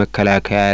መከላከያ